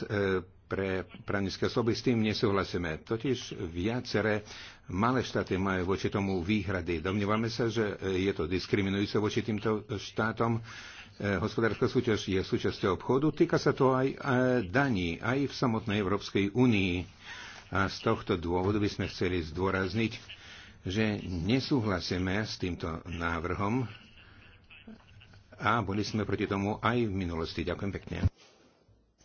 pre právnické osoby, s tým nesúhlasíme. Totiž viaceré malé štáty majú voči tomu výhrady. Domnievame sa, že je to diskriminujúce voči týmto štátom. Eh, hospodárska súťaž je súčasťou obchodu. Týka sa to aj eh, daní, aj v samotnej Európskej únii. A z tohto dôvodu by sme chceli zdôrazniť, že nesúhlasíme s týmto návrhom a boli sme proti tomu aj v minulosti. Ďakujem pekne.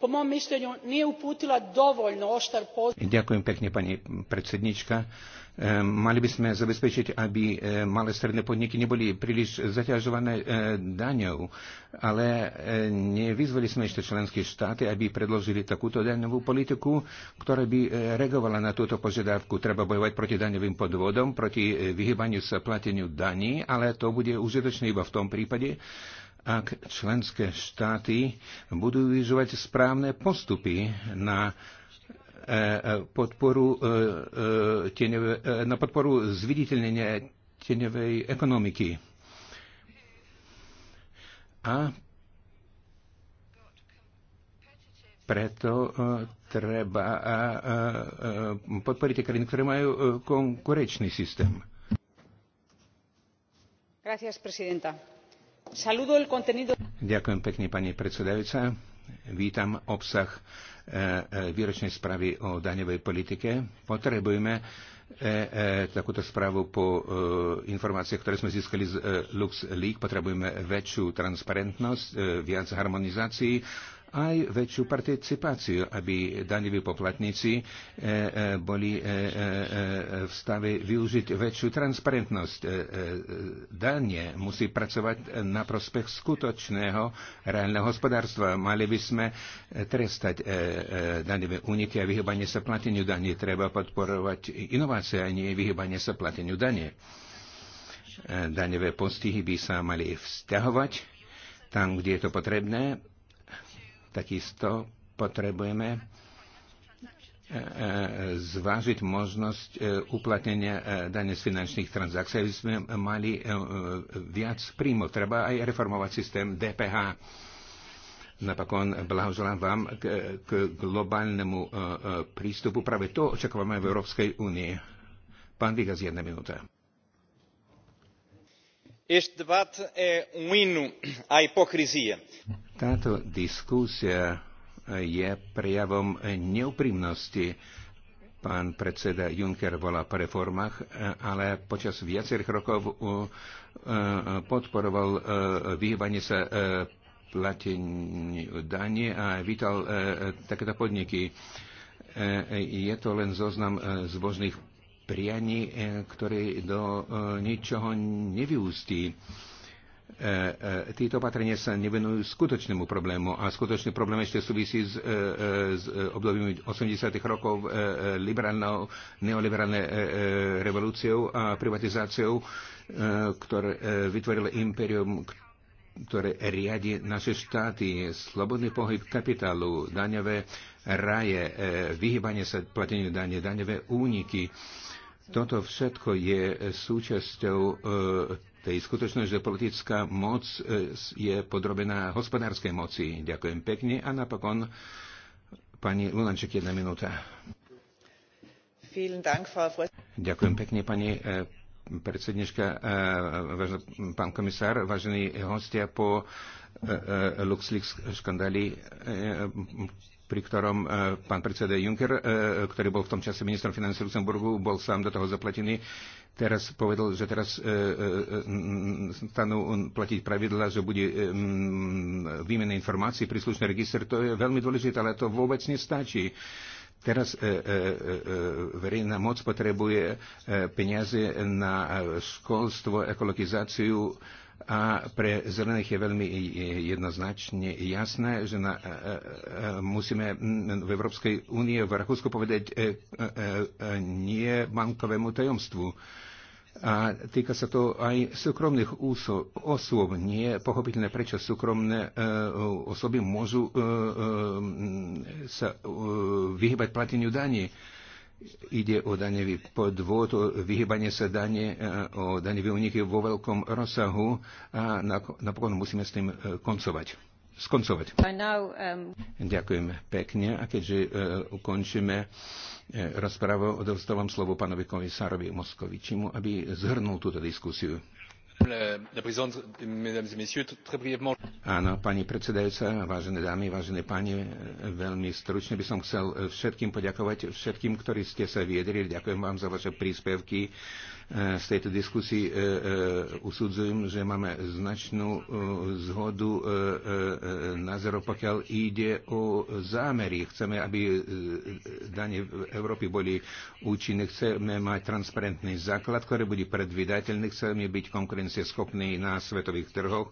po mom mišljenju nije uputila dovoljno oštar poziv. Ďakujem pekne, pani predsednička. E, mali by sme zabezpečiť, aby e, malé stredné podniky neboli príliš zaťažované e, daňou, ale nevyzvali sme ešte členské štáty, aby predložili takúto daňovú politiku, ktorá by reagovala na túto požiadavku. Treba bojovať proti daňovým podvodom, proti vyhybaniu sa plateniu daní, ale to bude užitočné iba v tom prípade, ak členské štáty budú vyžovať správne postupy na e, e, podporu, e, na podporu zviditeľnenia tieňovej ekonomiky. A preto treba podporiť krajiny, ktoré majú konkurenčný systém. Gracias, presidenta Ďakujem pekne, pani predsedajúca. Vítam obsah e, e, výročnej správy o daňovej politike. Potrebujeme e, takúto správu po informáciách, ktoré sme získali z LuxLeaks. Potrebujeme väčšiu transparentnosť, viac harmonizácií aj väčšiu participáciu, aby daňoví poplatníci e, e, boli e, v stave využiť väčšiu transparentnosť. Danie musí pracovať na prospech skutočného reálneho hospodárstva. Mali by sme trestať daňové úniky a vyhybanie sa plateniu daní. Treba podporovať inovácie a nie vyhybanie sa plateniu danie. Daňové postihy by sa mali vzťahovať tam, kde je to potrebné Takisto potrebujeme e, e, zvážiť možnosť e, uplatnenia dane z finančných transakcií, aby sme mali viac príjmov. Treba aj reformovať systém DPH. Napokon blahoželám vám k, k globálnemu prístupu. Práve to očakávame v Európskej únie. Pán Vigas, jedna minúta. Um Táto diskusia eh, je prejavom eh, neuprímnosti. Pán predseda Juncker volá po reformách, eh, ale počas viacerých rokov podporoval vyhýbanie sa plateniu danie a vítal takéto podniky. Je to len zoznam zbožných prianí, e, ktoré do e, ničoho nevyústí. E, Títo opatrenia sa nevenujú skutočnému problému a skutočný problém ešte súvisí s, s obdobím 80. rokov liberálnou, neoliberálnej revolúciou a privatizáciou, ktoré vytvorilo imperium, ktoré riadi naše štáty, slobodný pohyb kapitálu, daňové raje, vyhybanie sa plateniu dane, daňové úniky. E, toto všetko je e, súčasťou e, tej skutočnosti, že politická moc e, je podrobená hospodárskej moci. Ďakujem pekne a napokon pani Lunanček jedna minúta. Ďakujem pekne, pani predsedniška, pán komisár, vážení hostia, po LuxLeaks škandáli pri ktorom e, pán predseda Juncker, e, ktorý bol v tom čase ministrom financí Luxemburgu, bol sám do toho zapletený, teraz povedal, že teraz e, stanú platiť pravidla, že bude výmena informácií, príslušný register. To je veľmi dôležité, ale to vôbec nestačí. Teraz e, e, e, verejná moc potrebuje e, peniaze na školstvo, ekologizáciu, e, a pre zelených je veľmi jednoznačne jasné, že na, e- e- e- musíme v Európskej únie v Rakúsku povedať nie bankovému tajomstvu. A týka sa to aj súkromných osôb. Nie je pochopiteľné, prečo súkromné osoby môžu sa vyhybať plateniu daní. Ide o daňový podvod, o vyhybanie sa dane, eh, o daňové úniky vo veľkom rozsahu a napokon musíme s tým eh, koncovať. Skoncovať. Um, Ďakujem pekne a keďže uh, ukončíme rozprávu, odovzdávam slovo pánovi komisárovi Moskovičimu, aby zhrnul túto diskusiu. Áno, pani predsedajúca, vážené dámy, vážené páni, veľmi stručne by som chcel eh, všetkým poďakovať, všetkým, ktorí ste sa viedrili. Ďakujem vám za vaše príspevky E, z tejto diskusii e, e, usudzujem, že máme značnú zhodu názorov, pokiaľ ide o zámery. Chceme, aby dane v Európy boli účinné, chceme mať transparentný základ, ktorý bude predvydateľný, chceme byť konkurencieschopný na svetových trhoch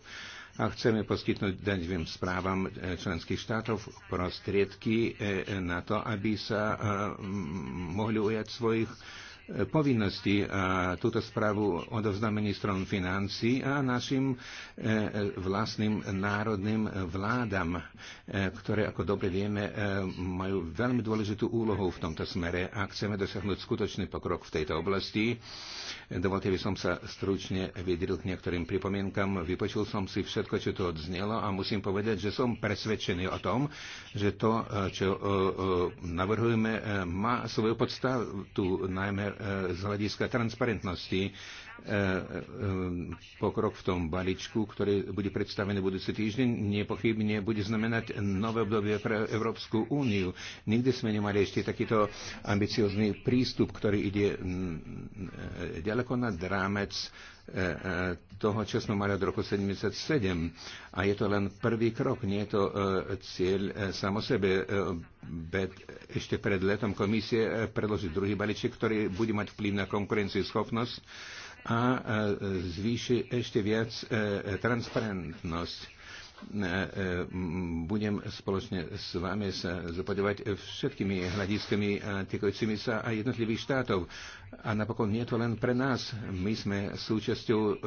a chceme poskytnúť daňovým správam členských štátov prostriedky na to, aby sa mohli ujať svojich povinnosti. A túto správu odovzdá ministrom financí a našim e, vlastným národným vládam, e, ktoré, ako dobre vieme, e, majú veľmi dôležitú úlohu v tomto smere. A chceme dosiahnuť skutočný pokrok v tejto oblasti. Dovolte by som sa stručne vydril k niektorým pripomienkam. Vypočul som si všetko, čo to odznelo a musím povedať, že som presvedčený o tom, že to, čo navrhujeme, má svoju podstatu, najmä z hľadiska transparentnosti. E, e, pokrok v tom balíčku, ktorý bude predstavený budúci týždeň, nepochybne bude znamenať nové obdobie pre Európsku úniu. Nikdy sme nemali ešte takýto ambiciozný prístup, ktorý ide e, ďaleko na drámec toho, čo sme mali od roku 77. A je to len prvý krok, nie je to cieľ samo sebe. Ešte pred letom komisie predložiť druhý balíček, ktorý bude mať vplyv na schopnosť a e, zvýši ešte viac e, transparentnosť e, budem spoločne s vami sa zopadovať všetkými hľadiskami týkajúcimi sa aj jednotlivých štátov. A napokon nie je to len pre nás. My sme súčasťou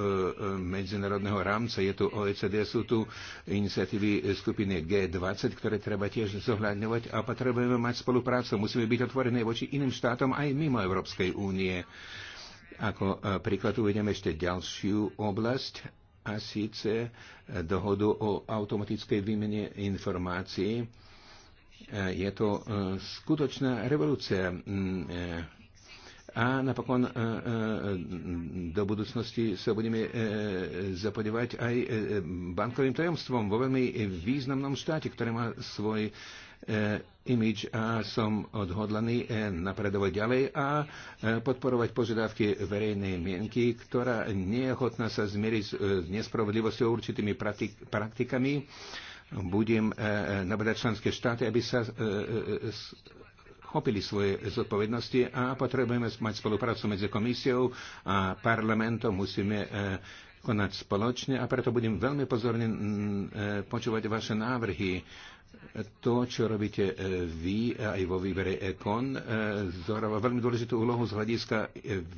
medzinárodného rámca. Je tu OECD, sú tu iniciatívy skupiny G20, ktoré treba tiež zohľadňovať a potrebujeme mať spoluprácu. Musíme byť otvorené voči iným štátom aj mimo Európskej únie. Ako e, príklad uvediem ešte ďalšiu oblasť, a síce e, dohodu o automatickej výmene informácií. E, je to skutočná revolúcia a napokon do budúcnosti sa budeme zapodevať aj bankovým tajomstvom vo veľmi významnom štáte, ktoré má svoj E, imidž a som odhodlaný e, napredovať ďalej a e, podporovať požiadavky verejnej mienky, ktorá nie je ochotná sa zmieriť s nespravodlivosťou určitými praktikami. Budem nabadať členské štáty, aby sa chopili svoje zodpovednosti a potrebujeme mať spoluprácu medzi komisiou a parlamentom. Musíme konať spoločne a preto budem veľmi pozorne počúvať vaše návrhy to, čo robíte e, vy e, aj vo výbere ECON e, zohráva veľmi dôležitú úlohu z hľadiska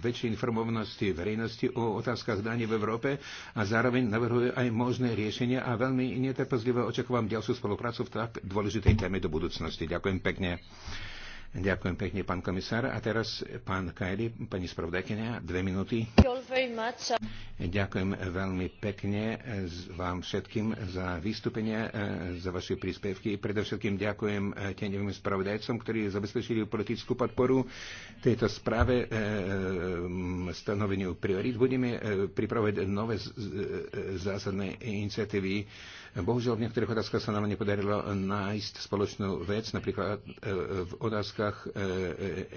väčšej informovanosti verejnosti o otázkach daní v Európe a zároveň navrhuje aj možné riešenia a veľmi netrpezlivo očakávam ďalšiu spoluprácu v tak dôležitej téme do budúcnosti. Ďakujem pekne. Ďakujem pekne, pán komisár. A teraz pán Kajli, pani spravodajkynia, dve minúty. Ďakujem veľmi pekne e, vám všetkým za vystúpenie, e, za vaše príspevky. Predovšetkým ďakujem e, tieňovým spravodajcom, ktorí zabezpečili politickú podporu tejto správe stanoveniu priorit. Budeme pripravovať nové zásadné iniciatívy Bohužiaľ, v niektorých otázkach sa nám nepodarilo nájsť spoločnú vec, napríklad e, v otázkach e, e,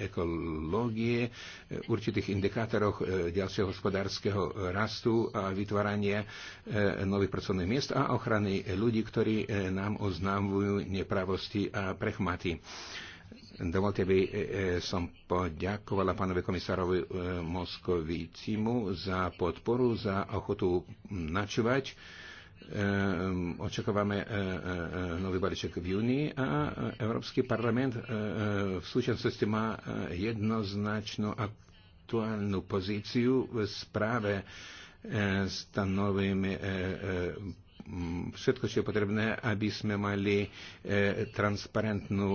ekológie, určitých indikátoroch ďalšieho hospodárskeho rastu a vytvárania nových pracovných miest a ochrany ľudí, ktorí nám oznámujú nepravosti a prechmaty. Dovolte by som poďakovala pánovi komisárovi Moskovicimu za podporu, za ochotu načúvať Ehm, očakávame e, e, e, nový balíček v júni a Európsky parlament v súčasnosti má jednoznačnú aktuálnu pozíciu v správe novými všetko, čo je potrebné, aby sme mali e, transparentnú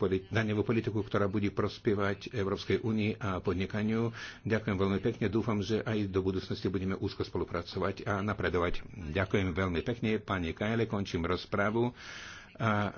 e, daňovú politiku, ktorá bude prospievať Európskej únii a podnikaniu. Ďakujem veľmi pekne. Dúfam, že aj do budúcnosti budeme úzko spolupracovať a napredovať. Ďakujem veľmi pekne. Pani Kajle, končím rozprávu. A